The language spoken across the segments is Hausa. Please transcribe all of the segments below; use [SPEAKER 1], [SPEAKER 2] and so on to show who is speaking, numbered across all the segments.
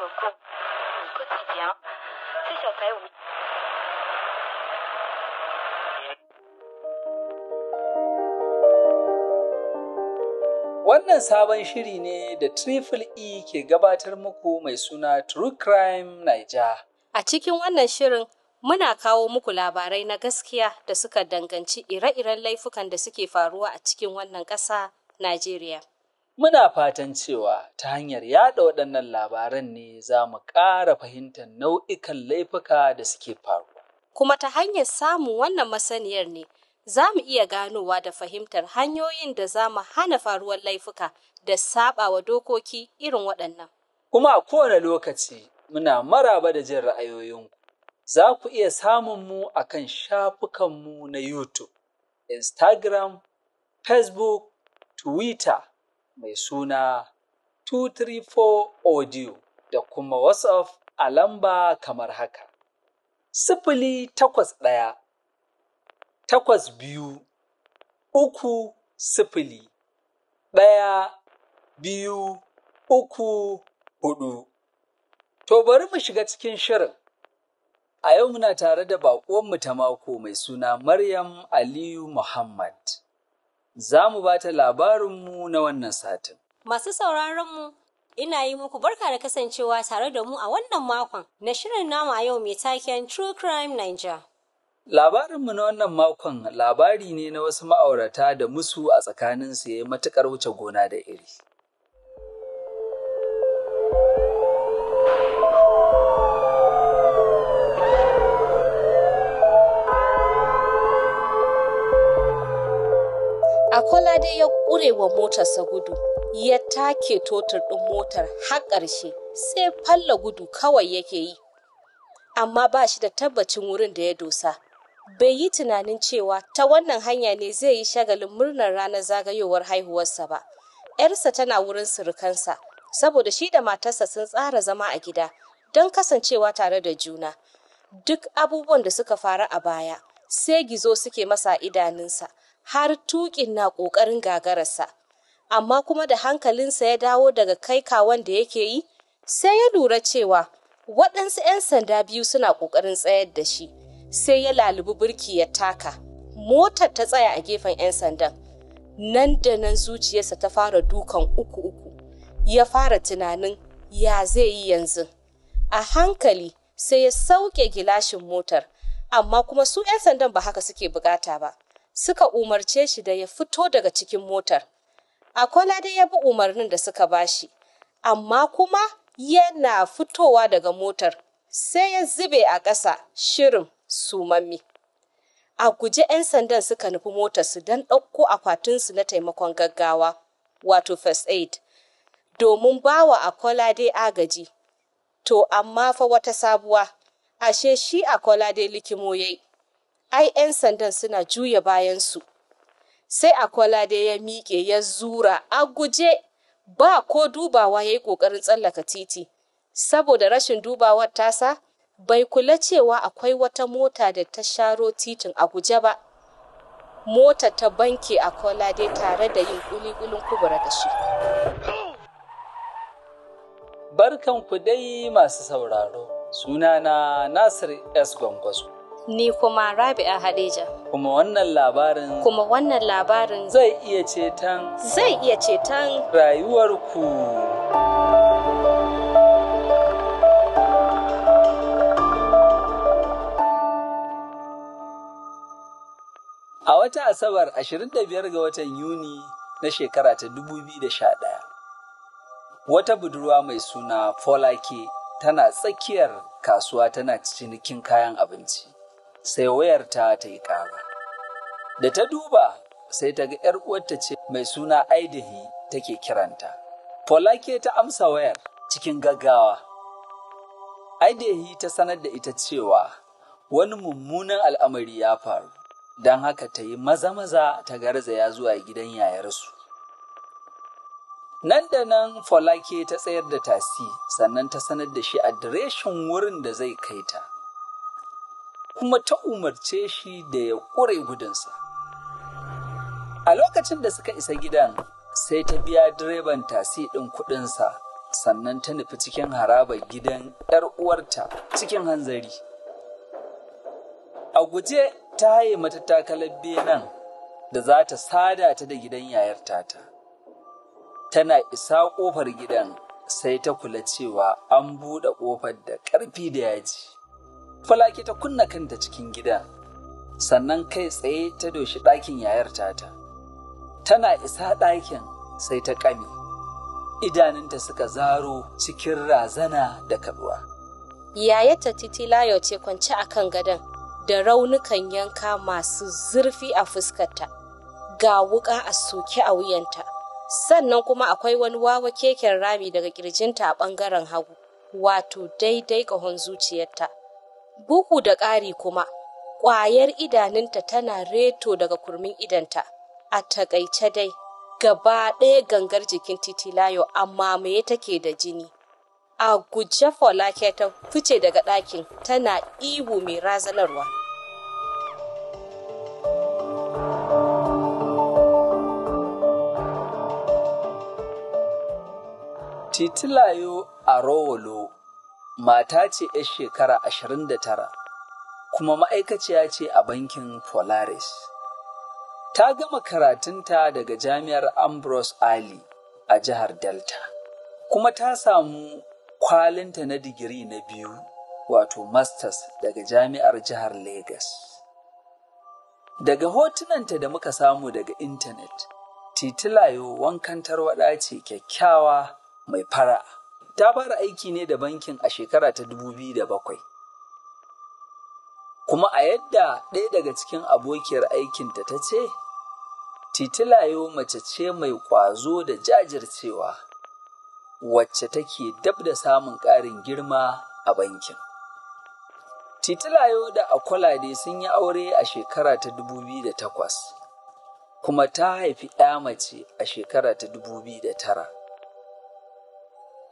[SPEAKER 1] notre quotidien, c'est sur
[SPEAKER 2] Wannan sabon shiri ne da Triple E ke gabatar muku mai suna True Crime Naija.
[SPEAKER 1] A cikin wannan shirin muna kawo muku labarai na gaskiya da suka danganci ire-iren laifukan da suke faruwa a cikin wannan ƙasa Najeriya.
[SPEAKER 2] Muna fatan cewa ta hanyar yada waɗannan labaran ne za mu ƙara fahimtar nau'ikan laifuka da suke faruwa.
[SPEAKER 1] Kuma ta hanyar samun wannan masaniyar ne za mu iya ganowa da fahimtar hanyoyin da za mu hana faruwar laifuka da saɓawa dokoki irin waɗannan.
[SPEAKER 2] Kuma a kowane lokaci muna maraba da jin ra'ayoyinku. Za ku iya samun mu a kan shafukanmu na YouTube, Instagram, Facebook, Twitter. mai suna 234 audio da kuma WhatsApp a lamba kamar haka. Sifili takwas ɗaya, takwas biyu, uku sifili, ɗaya biyu uku hudu. To bari mu shiga cikin shirin. A yau muna tare da baƙuwanmu ta mako mai suna Maryam Aliyu Muhammad. za mu ba ta labarinmu na wannan satin.
[SPEAKER 3] Masu sauraronmu, ina yi muku barka da kasancewa tare da mu a wannan makon na shirin namu a yau mai taken True Crime Niger.
[SPEAKER 2] Labarinmu na wannan makon labari ne na wasu ma'aurata da musu a tsakaninsu ya yi matuƙar wuce gona da iri.
[SPEAKER 1] Akwai dai ya ƙure wa motarsa gudu, ya take totar ɗin motar har ƙarshe sai falla gudu kawai yake yi. Amma ba shi da tabbacin wurin da ya dosa. Bai yi tunanin cewa ta wannan hanya ne zai yi shagalin murnar ranar zagayowar haihuwarsa ba. ‘Yarsa tana wurin surukansa, saboda shi da matarsa sun tsara zama a gida don kasancewa tare da juna. Duk abubuwan da suka faru a baya, sai gizo suke masa idanunsa. har tukin na ƙoƙarin gagararsa. Amma kuma da hankalinsa ya dawo daga kai kawon da yake yi, sai ya lura cewa waɗansu 'yan sanda biyu suna ƙoƙarin tsayar da shi. Sai ya lalubi birki ya taka. Motar ta tsaya a gefen 'yan sandan. Nan da nan zuciyarsa ta fara dukan uku uku. Ya fara tunanin ya zai yi yanzu. A hankali sai ya sauke gilashin motar, amma kuma su 'yan sandan ba haka suke bukata ba. suka umarce shi da ya fito daga cikin motar. Akola dai ya bi umarnin da suka bashi, amma kuma yana fitowa daga motar sai ya zube a ƙasa shirin sumammi. A guje 'yan sandan suka nufi motarsu don ɗauko akwatinsu na taimakon gaggawa, wato first aid, domin bawa Akola dai agaji. To, amma fa wata sabuwa, ashe shi Akola dai likimo yayi. ai 'yan sandan suna juya bayansu. Sai da ya miƙe ya zura a guje ba ko dubawa ya yi ƙoƙarin tsallaka titi. Saboda rashin dubawar tasa, bai kula cewa akwai wata mota da ta sharo titin a guje ba. Mota ta banke Akwalade tare da yin ƙuliƙulin kubura da shi.
[SPEAKER 2] Barkan ku dai masu sauraro, sunana Nasir S. Gwangwazo.
[SPEAKER 1] ni kuma Rabi'a Hadeja.
[SPEAKER 2] Kuma wannan labarin Kuma
[SPEAKER 1] wannan labarin
[SPEAKER 2] zai iya ceton zai iya ceton rayuwarku. A wata Asabar 25 ga watan Yuni na shekara ta 2011, wata budurwa mai suna Folake tana tsakiyar kasuwa tana cinikin kayan abinci. sai wayarta ta yi ƙara. Da ta duba sai ta ga ‘yar uwarta ce mai suna Aidihi take kiranta. Folake ta amsa wayar cikin gaggawa. Aidihi ta sanar da ita cewa wani mummunan al'amari ya faru, don haka ta yi maza-maza ta garzaya zuwa gidan yayarsu. Nan da nan Folake ta tsayar da tasi sannan ta sanar da shi adireshin wurin da zai kai ta. kuma ta umarce shi da ya ƙure gudunsa. A lokacin da suka isa gidan, sai ta biya direban tasi ɗin kuɗinsa, sannan ta nufi cikin harabar gidan ‘yar uwarta cikin hanzari. A guje ta haye mata takalar benan da za ta sada ta da gidan yayar tata. Tana isa ƙofar gidan sai ta kula cewa an buɗe ƙofar da ƙarfi da yaji. falaki ta kunna kanta cikin gida, sannan kai tsaye ta doshi ɗakin yayar tata. Tana isa ɗakin sai ta ƙame, idanunta suka zaro cikin razana da kaɗuwa.
[SPEAKER 1] titi layo ce kwance a kan gadon da raunukan yanka masu zurfi a fuskarta, ga wuƙa a soke a wuyanta. sannan kuma akwai wani wawa keken rami daga kirjinta a ɓangaren hagu wato daidai ƙahon zuciyarta Bugu da ƙari kuma, ƙwayar idanunta tana reto daga kurmin idanta. A taƙaice dai, gaba ɗaya gangar jikin titilayo amma mai take da jini. A guje folake ta fice daga ɗakin tana ihu mai razanarwa.
[SPEAKER 2] Titilayo a Rowolo mata ce 'yar shekara ashirin da tara, kuma ma'aikaciya ce a bankin Polaris. Ta gama karatunta daga jami'ar Ambrose Ali a jihar Delta, kuma ta samu kwalinta na digiri na biyu wato masters daga jami'ar jihar Legas. Daga hotunanta da muka samu daga intanet, titilayo wankan tarwaɗa ce kyakkyawa mai fara'a. ta fara aiki ne da bankin a shekara ta da bakwai, kuma a yadda ɗaya daga cikin abokiyar aikinta ta ce titilayo mace ce mai ƙwazo da jajircewa wacce take dab da samun ƙarin girma a bankin titilayo da ne sun yi aure a shekara ta takwas, kuma ta haifi 'ya mace a shekara ta tara.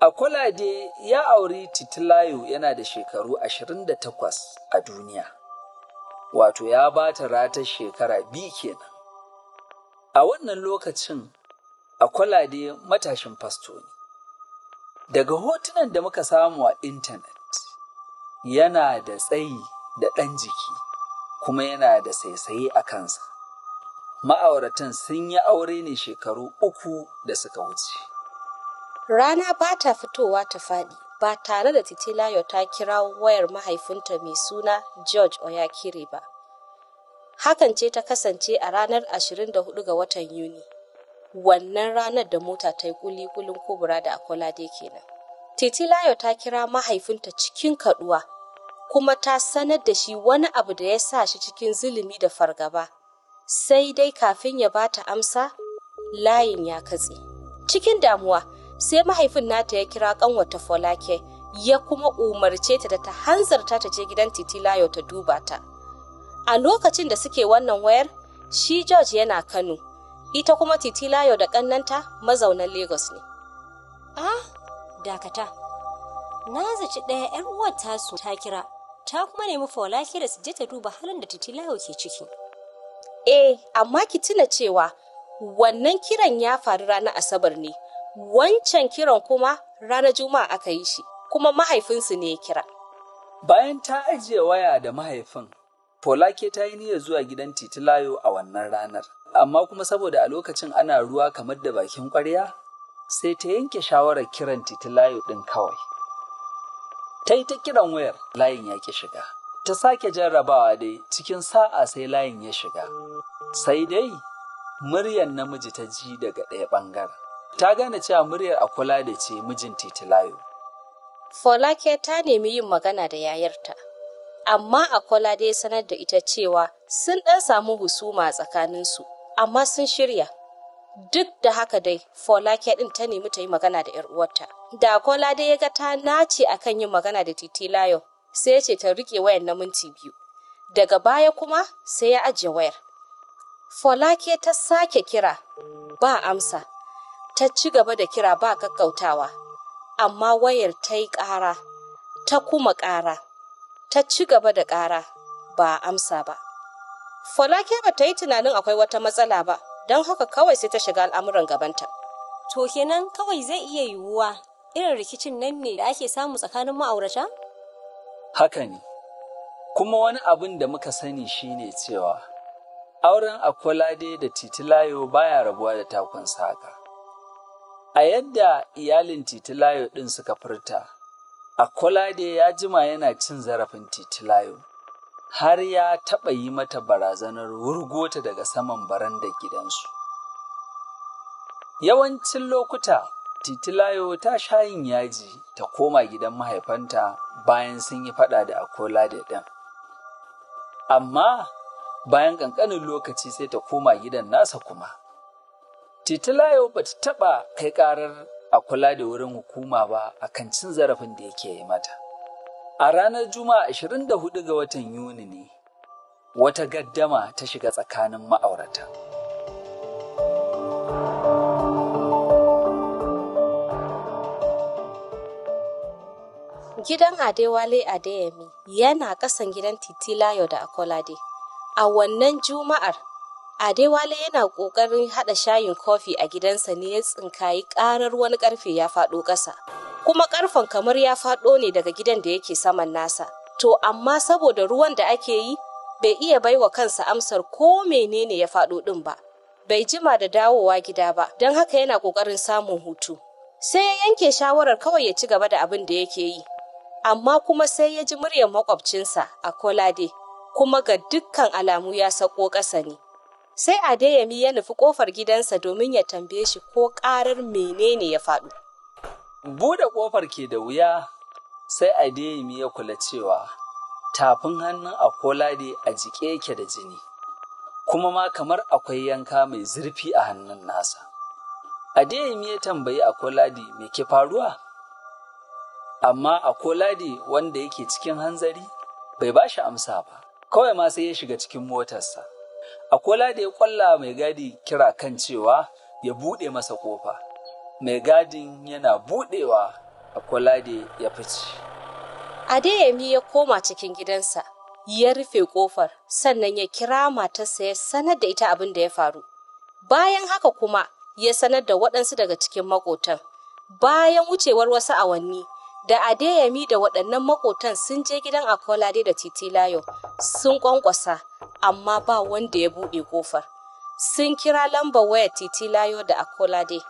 [SPEAKER 2] a kwalade ya auri Titilayo yana da shekaru 28 a duniya, wato ya ba ta ratar shekara biyu kenan. A wannan lokacin, a kwalade matashin fasto ne. Daga hotunan da muka samu a intanet, yana da tsayi da ɗan jiki, kuma yana da saisaye a kansa. Ma'auratan sun yi aure ne shekaru uku da suka wuce.
[SPEAKER 1] Rana ba ta fitowa ta faɗi ba tare da Titilayo ta kira wayar mahaifinta mai suna George Oyakiri ba. Hakan ce ta kasance a ranar 24 ga watan Yuni. Wannan ranar da mota ta yi kulikulin kubura da akwalade kenan. Titilayo ta kira mahaifinta cikin kaduwa kuma ta sanar da shi wani abu da ya sa shi cikin zulumi da fargaba. Sai dai kafin ya bata amsa, layin ya katse. Cikin damuwa, sai mahaifin nata ya kira kanwata folake ya kuma umarce ta da ta hanzarta ta je gidan titilayo ta duba ta a lokacin da suke wannan wayar shi george yana kano ita kuma titilayo da kannanta mazaunan lagos ne ah
[SPEAKER 3] dakata na zaci ɗaya 'yar uwar tasu ta kira ta kuma nemi folake da su je ta duba halin da titilayo ke ciki eh amma ki tuna cewa wannan
[SPEAKER 1] kiran ya faru ranar asabar ne wancan kiran kuma ranar juma'a aka yi shi kuma mahaifinsu ne ya kira
[SPEAKER 2] bayan ta ajiye waya da mahaifin Folake ta yi niyyar zuwa gidan titilayo a wannan ranar amma kuma saboda a lokacin ana ruwa kamar da bakin ƙwarya sai ta yanke shawarar kiran titilayo ɗin kawai ta yi ta kiran wayar layin ya ki shiga ta sake jarrabawa dai cikin sa'a sai layin ya shiga sai dai muryar namiji ta ji daga ɗaya ɓangaren ta gane cewa muryar da ce mijin titilayo.
[SPEAKER 1] Folake ta nemi yin magana da yayarta, amma akulade ya sanar da ita cewa sun ɗan samu husuma tsakaninsu, amma sun shirya. Duk da haka dai, Folake ɗin ta nemi ta yi magana da ‘yar uwarta. Da dai ya ga ta nace akan yin magana da titilayo, sai ya ce ta riƙe wayar na minti biyu. Daga baya kuma sai ya ajiye wayar. Folake ta sake kira, ba amsa. ta ci gaba da kira ba kakkautawa amma wayar ta yi ƙara ta kuma ƙara ta ci gaba da ƙara ba amsa ba falake ba ta yi tunanin akwai wata matsala ba don haka kawai sai ta shiga al'amuran gabanta
[SPEAKER 3] to kenan kawai zai iya yiwuwa irin rikicin nan ne da ake samu tsakanin ma'aurata
[SPEAKER 2] haka ne kuma wani abin da muka sani shine cewa auren akwalade da titilayo baya rabuwa da takunsa saka A yadda iyalin titilayo ɗin suka furta, kolade ya jima yana cin zarafin titilayo, har ya taɓa yi mata barazanar wurgota daga saman barandar gidansu. Yawancin lokuta, titilayo ta sha yin yaji ta koma gidan mahaifanta bayan sun yi faɗa da Akolade ɗan, Amma bayan ƙanƙanin lokaci sai ta koma gidan nasa kuma. titilayo ba ta taɓa kai ƙarar a kula da wurin hukuma ba a kan cin zarafin da yake yi mata. A ranar Juma'a 24 ga watan Yuni ne, wata gaddama ta shiga tsakanin ma'aurata.
[SPEAKER 1] Gidan Adewale Adeyemi yana ƙasan gidan Titilayo da Akolade. A wannan Juma'ar Adewale yana ƙoƙarin haɗa shayin kofi a gidansa ne ya tsinkayi ƙarar wani karfe ya faɗo ƙasa. Kuma ƙarfen kamar ya faɗo ne daga gidan da yake saman nasa. To amma saboda ruwan da ake yi, bai iya baiwa kansa amsar ko menene ya faɗo ɗin ba. Bai jima da dawowa gida ba, don haka yana ƙoƙarin samun hutu. Sai ya yanke shawarar kawai ya ci gaba da abin da yake yi. Amma kuma sai ya ji muryar makwabcinsa a Kolade, kuma ga dukkan alamu ya sako ƙasa ne. sai Adeyemi ya nufi kofar gidansa domin ya tambaye shi ko karar menene ya faɗo.
[SPEAKER 2] Bude kofar ke da wuya sai Adeyemi ya kula cewa tafin hannun Akolade a jike yake da jini, kuma ma kamar akwai yanka mai zurfi a hannun nasa. Adeyemi ya tambayi Akolade me ke faruwa? Amma Akolade wanda yake cikin hanzari bai ba shi amsa ba, kawai ma sai ya shiga cikin motarsa. a kola da ya kwalla mai gadi kira kan cewa ya buɗe masa ƙofa mai gadin yana buɗewa kola da ya fice
[SPEAKER 1] adeyemi ya koma cikin gidansa ya rufe ƙofar sannan ya kira matarsa ya sanar da ita abin da ya faru bayan haka kuma ya sanar da waɗansu daga cikin maƙotan bayan wucewar wasu awanni da Adeyemi da waɗannan makotan sun je gidan Akolade da Titilayo sun ƙwanƙwasa amma ba wanda ya buɗe kofar. Sun kira lambar waya Titilayo da Akolade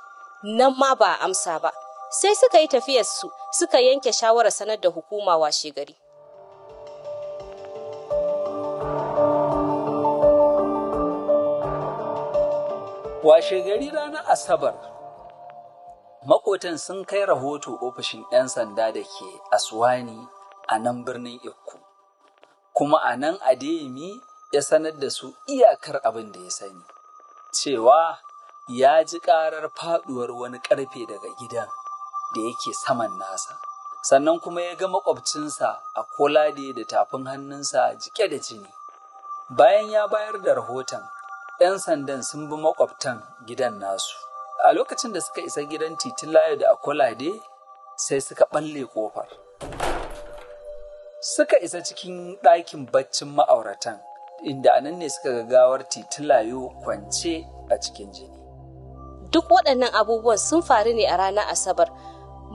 [SPEAKER 1] nan ma ba a amsa ba. Sai suka yi tafiyarsu suka yanke shawarar sanar da hukuma washe gari.
[SPEAKER 2] Washe gari ranar Asabar makotan sun kai rahoto ofishin 'yan sanda da ke aswani a nan birnin ikku kuma a nan adeyemi ya sanar da su iyakar abin da ya sani cewa ya ji ƙarar faɗuwar wani karfe daga gidan da yake saman nasa sannan kuma ya ga makwabcinsa a kolade da tafin hannunsa jike da jini bayan ya bayar da rahoton 'yan sandan sun bi makwabtan gidan nasu a lokacin da suka isa gidan titin layo da akwalade sai suka balle kofar suka isa cikin ɗakin baccin ma'auratan inda anan ne suka gagawar titin layo kwance a cikin jini
[SPEAKER 1] duk waɗannan abubuwan sun faru ne a ranar asabar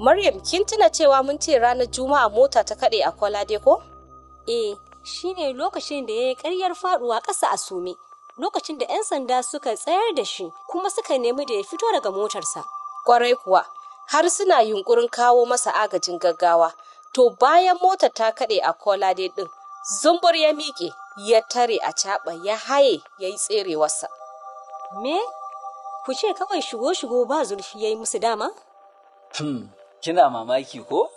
[SPEAKER 1] maryam kin tuna cewa mun
[SPEAKER 3] ce ranar juma'a mota ta kaɗe a kwalade ko eh shine lokacin da ya yi ƙaryar faɗuwa ƙasa a sume lokacin da 'yan sanda suka tsayar da shi kuma suka nemi da ya fito daga motarsa. Kwarai kuwa, har suna yunkurin kawo masa agajin
[SPEAKER 1] gaggawa. To bayan mota ta kaɗe a kolade ɗin, zumbur ya miƙe,
[SPEAKER 3] ya tare a caɓa, ya haye, ya yi tserewarsa. Me? Ku ce kawai shigo-shigo ba zurfi ya yi musu dama?
[SPEAKER 2] Hmm, kina mamaki ko?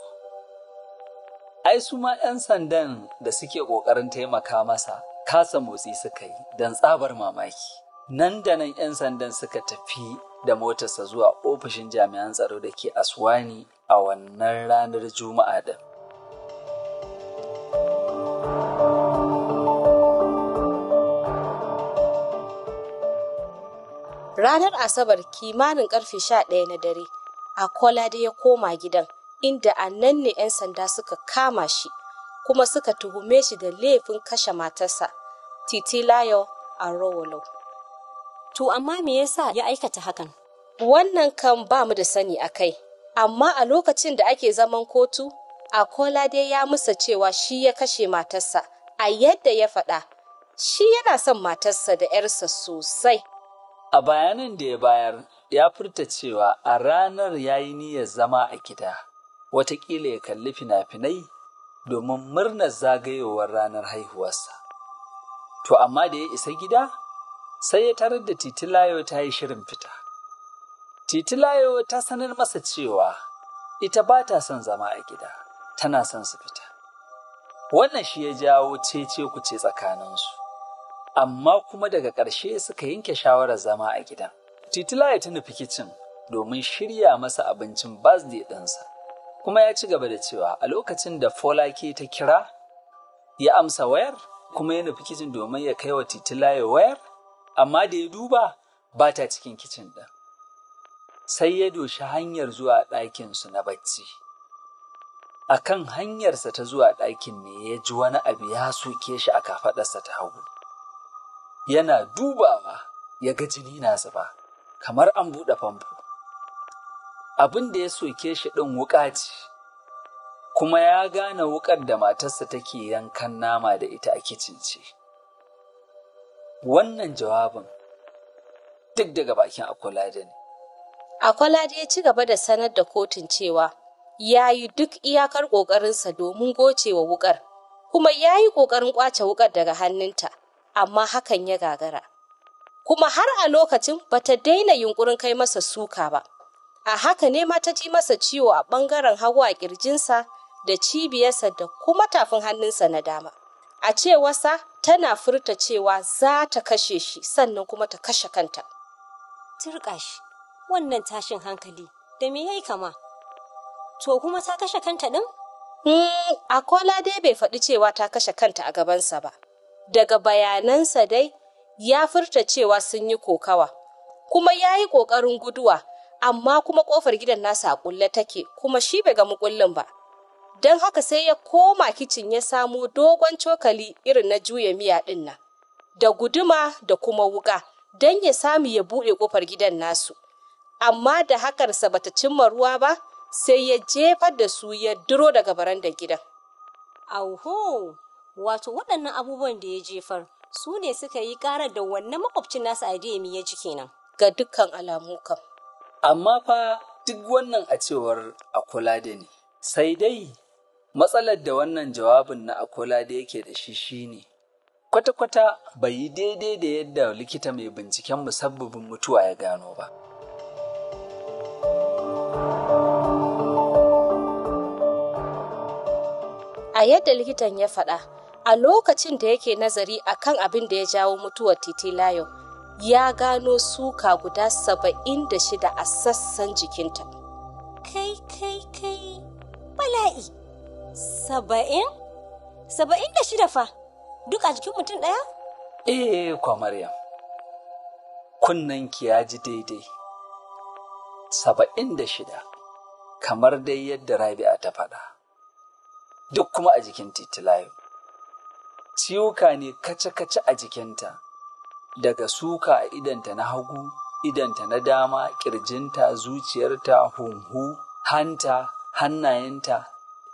[SPEAKER 2] Ai su ma 'yan sandan da suke ƙoƙarin taimaka masa kasa motsi suka yi don tsabar mamaki nan da nan 'yan sandan suka tafi da motarsa zuwa ofishin jami'an tsaro da ke aswani a wannan ranar juma'a da
[SPEAKER 1] ranar asabar kimanin karfe ɗaya na dare a kola da ya koma gidan inda a nan ne 'yan sanda suka kama shi kuma suka tuhume shi da laifin kashe matarsa titi layo a rowolo. to amma me yasa ya aikata hakan wannan kan ba mu da sani a kai amma a lokacin da ake zaman kotu akola dai ya musa cewa shi ya kashe matarsa a yadda ya faɗa shi yana son matarsa da 'yarsa sosai
[SPEAKER 2] a bayanin da ya bayar ya furta cewa a ranar ya yi niyyar zama a gida watakila ya kalli fina-finai domin murnar zagayowar ranar haihuwarsa. To, amma da ya isa gida, sai ya tarar da titilayo ta yi shirin fita. Titilayo ta sanar masa cewa ita ba ta son zama a gida, tana son su fita. Wannan shi ya jawo cece kuce tsakaninsu, amma kuma daga ƙarshe suka yanke shawarar zama a gidan. Titilayo ta nufi kicin domin shirya masa abincin bas birthday ɗinsa. Kuma ya ci gaba da cewa a lokacin da Folake ta kira ya amsa wayar kuma ya nufi kicin domin ya kai wa titila ya wayar, amma da ya duba ba ta cikin kicin ɗin. Sai ya doshi hanyar zuwa ɗakin su na bacci. A kan hanyarsa ta zuwa ɗakin ne ya ji wani abu ya soke shi a kafaɗarsa ta hagu. Yana dubawa ya ga jini na zuba, kamar an buɗe famfo. abin da ya soke shi ɗin wuƙa ce, kuma ya gane wuƙar da matarsa take yankan nama da ita a kicin ce. Wannan jawabin duk daga bakin Akolade ne.
[SPEAKER 1] Akolade ya ci gaba da sanar da kotun cewa ya yi duk iyakar ƙoƙarinsa domin gocewa wuƙar, kuma ya yi ƙoƙarin ƙwace wuƙar daga hannunta, amma hakan ya gagara. Kuma har a lokacin bata daina yunƙurin kai masa suka ba. A haka ne ma ta ji masa ciwo a ɓangaren hagu a ƙirjinsa da cibiyarsa da kuma tafin hannunsa na dama. A cewarsa tana furta cewa za ta kashe shi sannan kuma ta kashe kanta. Turƙa shi,
[SPEAKER 3] wannan tashin hankali da me yayi kama? To kuma ta kashe kanta ɗin? Mm, Akola dai bai faɗi cewa ta kashe kanta a gabansa ba. Daga
[SPEAKER 1] bayanansa dai ya furta cewa sun yi kokawa, kuma ya yi ƙoƙarin guduwa amma kuma kofar gidan nasa a kulle take kuma shi bai ga mukullin ba don haka sai ya koma kicin ya samo dogon cokali irin na juya miya din da guduma da kuma wuka don ya samu ya buɗe kofar gidan nasu amma da hakarsa bata cimma ruwa ba sai ya jefar da su ya duro daga baranda gidan
[SPEAKER 3] auho wato waɗannan abubuwan da ya jefar su ne suka yi ƙarar da wannan makwabcin nasa a ya ji kenan ga dukkan alamu
[SPEAKER 2] kam Amma fa duk wannan a cewar da ne. Sai dai matsalar da wannan jawabin na da yake da shi shi ne. kwata-kwata bai yi daidai da yadda likita mai binciken musabbabin mutuwa ya gano ba.
[SPEAKER 1] A yadda likitan ya faɗa, a lokacin da yake nazari akan abin da ya jawo mutuwar Titi Layo, ya gano suka guda saba'in da shida a sassan jikinta.
[SPEAKER 3] Kai, kai, kai, bala'i, saba'in? Saba'in da shida fa, duk a jikin mutum ɗaya?
[SPEAKER 2] Eh, kwa Maryam, kunnanki ya ji daidai. Saba'in da shida, kamar dai yadda Rabi'a ta faɗa, duk kuma a jikin titilayo. Ciwuka ne kace-kace a jikinta. daga suka a idanta na hagu, idanta na dama, ƙirjinta, zuciyarta, hunhu, hanta, hannayenta,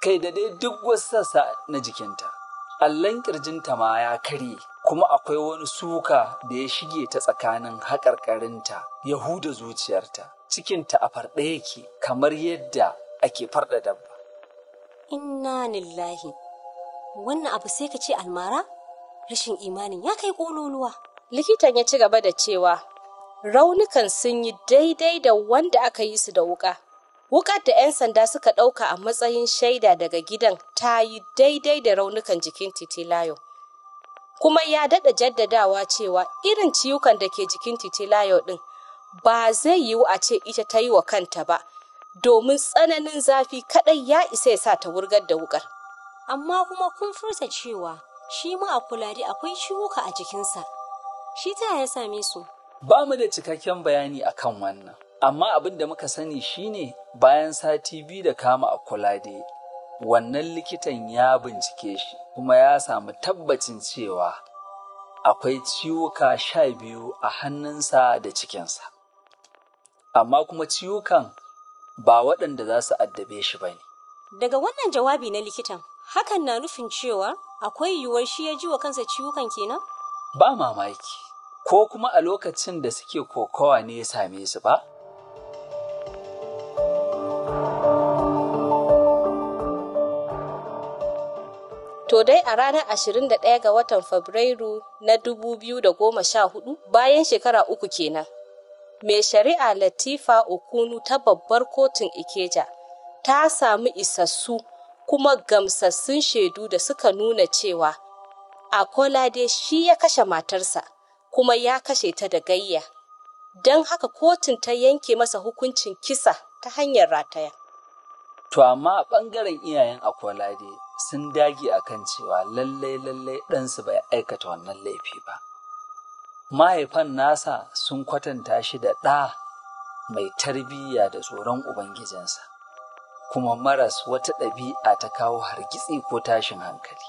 [SPEAKER 2] kai da dai duk wasu sassa na jikinta. Allon ƙirjinta ma ya karye, kuma akwai wani suka da ya shige ta tsakanin haƙarƙarinta, ya huda zuciyarta, cikinta a farɗe yake kamar yadda ake farɗa dabba.
[SPEAKER 3] Inna lillahi, wannan abu sai ka ce almara? Rashin imanin ya kai ƙololuwa. likitan ya ci gaba da cewa raunukan sun yi
[SPEAKER 1] daidai da wanda aka yi su da wuka wukar da 'yan sanda suka ɗauka a matsayin shaida daga gidan ta yi daidai da raunukan jikin titilayo kuma ya daɗa jaddadawa cewa irin ciwukan da ke jikin titilayo ɗin ba zai yiwu a ce ita ta yi wa kanta ba domin tsananin zafi kaɗai ya isa ya sa
[SPEAKER 3] ta wurgar da wukar amma kuma kun furta cewa shi ma a kulari akwai ciwuka a jikinsa Shi ta ya same su?
[SPEAKER 2] Ba mu da cikakken bayani a kan wannan, amma abin da muka sani shi ne, bayan sati biyu da kama a kulade, wannan likitan ya bincike shi kuma ya samu tabbacin cewa akwai ciwuka sha biyu a hannunsa da cikinsa. Amma kuma ciwukan ba waɗanda za su addabe shi ba ne. Daga wannan
[SPEAKER 3] jawabi na likitan, hakan na nufin cewa akwai yiwuwar shi ya ji wa kansa ciwukan kenan?
[SPEAKER 2] ba mamaki ko kuma a lokacin da suke kokawa ne ya same su ba
[SPEAKER 1] To dai a ranar ashirin da ɗaya ga watan Fabrairu na dubu biyu da goma sha hudu, bayan shekara uku kenan. Mai shari'a Latifa Okunu ta babbar kotun Ikeja ta samu isassu kuma gamsassun shaidu da suka nuna cewa A Kolade shi ya kashe matarsa kuma ya kashe ta da gayya. Don haka kotun ta yanke masa hukuncin kisa ta hanyar rataya.
[SPEAKER 2] To amma ɓangaren iyayen Akolade sun dage akan cewa lallai lallai ɗansu bai aikata wannan laifi ba. Mahaifan nasa sun kwatanta shi da ɗa mai tarbiyya da tsoron Ubangijinsa, kuma maras wata ɗabi'a ta kawo hargitsi ko tashin hankali.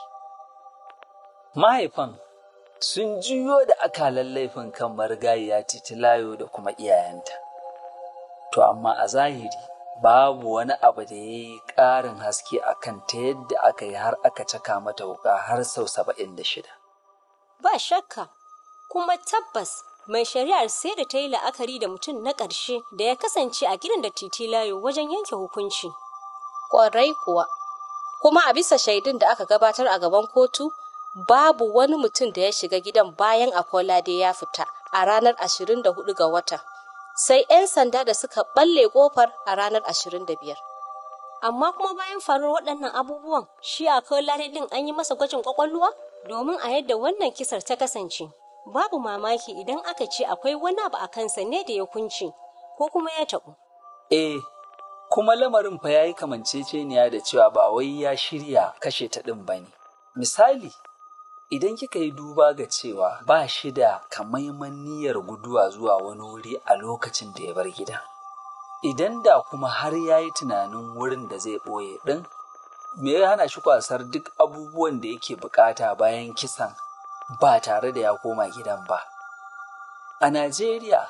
[SPEAKER 2] mahaifan sun juyo da akalan laifin kan ya titi layo da kuma iyayenta. To amma a zahiri babu wani abu da ya yi ƙarin haske a kan ta yadda aka yi har aka caka mata wuka har sau saba'in da shida.
[SPEAKER 3] Ba shakka, kuma tabbas mai shari'ar sai da ta yi la'akari da mutum na ƙarshe da ya kasance a gidan da titi layo wajen yanke hukunci.
[SPEAKER 1] Ƙwarai kuwa, kuma a bisa shaidun da aka gabatar a gaban kotu babu wani mutum da ya shiga gidan bayan akwai akolade ya fita a ranar 24 ga wata, sai 'yan
[SPEAKER 3] sanda da suka balle kofar a ranar 25 amma kuma bayan faruwar waɗannan abubuwan shi akolade din an yi masa gwajin kwakwalwa domin a yadda wannan kisar ta kasance babu mamaki idan aka ce akwai wani abu a kansa ne da ya kunci
[SPEAKER 2] ko kuma ya taɓu eh kuma lamarin fa ya yi kamanceceniya da cewa ba wai ya shirya kashe ta ɗin ba ne misali Idan kika yi duba ga cewa ba shi da kamaiman niyyar guduwa zuwa wani wuri a lokacin da ya bar gida. Idan da kuma har ya yi tunanin wurin da zai ɓoye ɗin, me ya hana shi kwasar duk abubuwan da yake bukata bayan kisan ba tare da ya koma gidan ba. A Najeriya,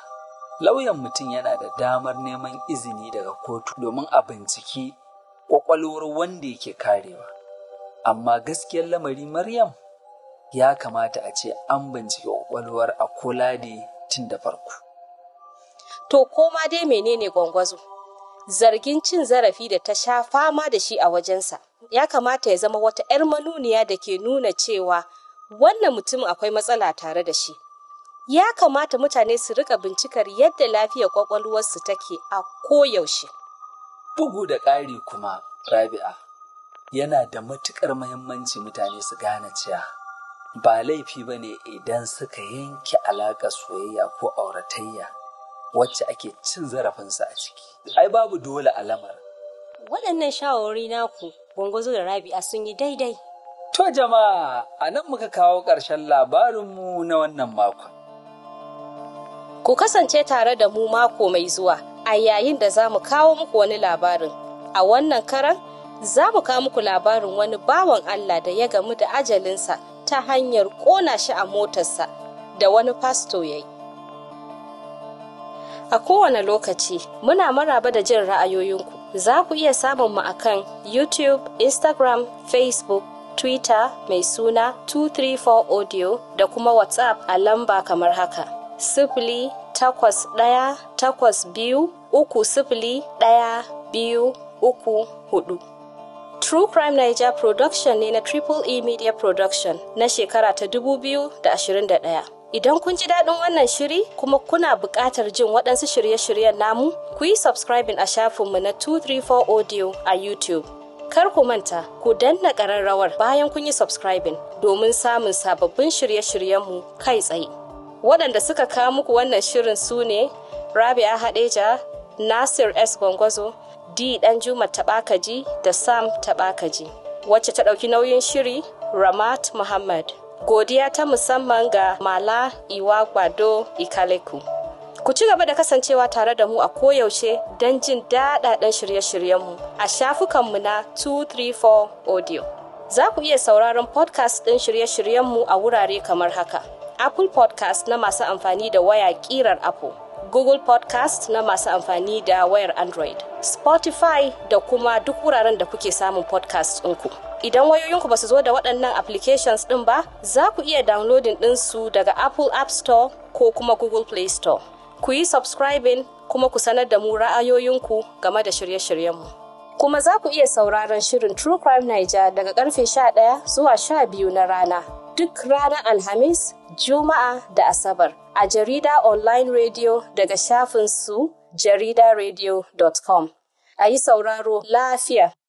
[SPEAKER 2] lauyan mutum yana da damar neman izini daga kotu domin a binciki ƙwaƙwalwar wanda yake karewa. Amma gaskiyar lamari Maryam ya kamata a ce an bincike kwakwalwar a kula da tun da farko. To koma
[SPEAKER 1] dai menene gwangwazo? Zargin cin zarafi da ta sha fama da shi a wajensa ya kamata ya zama wata 'yar manuniya da ke nuna cewa wannan mutum akwai matsala tare da shi. Ya kamata mutane su rika bincikar yadda lafiyar kwakwalwarsu
[SPEAKER 2] take a koyaushe. Bugu da ƙari kuma, Rabi'a, yana da matuƙar muhimmanci mutane su gane cewa ba laifi ba ne idan suka yanke alaƙa soyayya ko auratayya wacce ake cin zarafinsa a ciki. Ai babu dole a lamar.
[SPEAKER 3] Waɗannan shawarwari naku gwangwazo da rabi'a sun yi daidai.
[SPEAKER 2] To jama'a a nan muka kawo ƙarshen labarinmu na wannan mako.
[SPEAKER 3] Ku kasance tare da mu mako mai
[SPEAKER 1] zuwa a yayin da za mu kawo muku wani labarin. A wannan karan za mu kawo muku labarin wani bawan Allah da ya gamu da ajalinsa. ta hanyar ƙona shi a motarsa da wani fasto ya yi. A kowane lokaci muna maraba da jin ra'ayoyinku. Za ku iya samun mu kan YouTube, Instagram, Facebook, Twitter mai suna 234 Audio da kuma WhatsApp a lamba kamar haka. Sifili takwas ɗaya takwas biyu uku sifili ɗaya biyu uku hudu. True Crime Niger Production ne na Triple E Media Production na shekara ta 2021. Idan kun ji daɗin wannan shiri kuma kuna buƙatar jin waɗansu shirye-shiryen namu, ku yi subscribing a shafinmu na 234 Audio a YouTube. Kar ku manta, ku danna ƙararrawar bayan kun yi subscribing domin samun sababbin shirye-shiryenmu kai tsaye. Waɗanda suka kawo muku wannan shirin su ne Rabia Hadeja, Nasir S. Gwangwazo, D dan Juma Tabakaji da Sam Tabakaji wacce ta ɗauki nauyin shiri Ramat Muhammad. Godiya ta musamman ga Mala Iwagbado Ikaleku. Ku ci gaba da kasancewa tare da mu a koyaushe don jin daɗaɗen shirye-shiryenmu a shafukanmu na 234 Audio. Za ku iya sauraron podcast ɗin shirye-shiryenmu a wurare kamar haka. Apple podcast na masu amfani da waya ƙirar Apple. Google Podcast na masu amfani da wayar Android, Spotify da kuma duk wuraren da kuke samun podcast ɗinku. Idan wayoyinku ba su zo da waɗannan applications ɗin ba, za ku iya downloading ɗinsu daga Apple App Store ko kuma Google Play Store. Ku yi subscribing kuma ku sanar da mu ra'ayoyinku game da shirye-shiryenmu. kuma za ku iya sauraron shirin True Crime Niger daga karfe 11 zuwa 12 na rana duk ranar Alhamis, Juma'a da Asabar a Jarida Online Radio daga shafin su jaridaradio.com. A yi sauraro lafiya.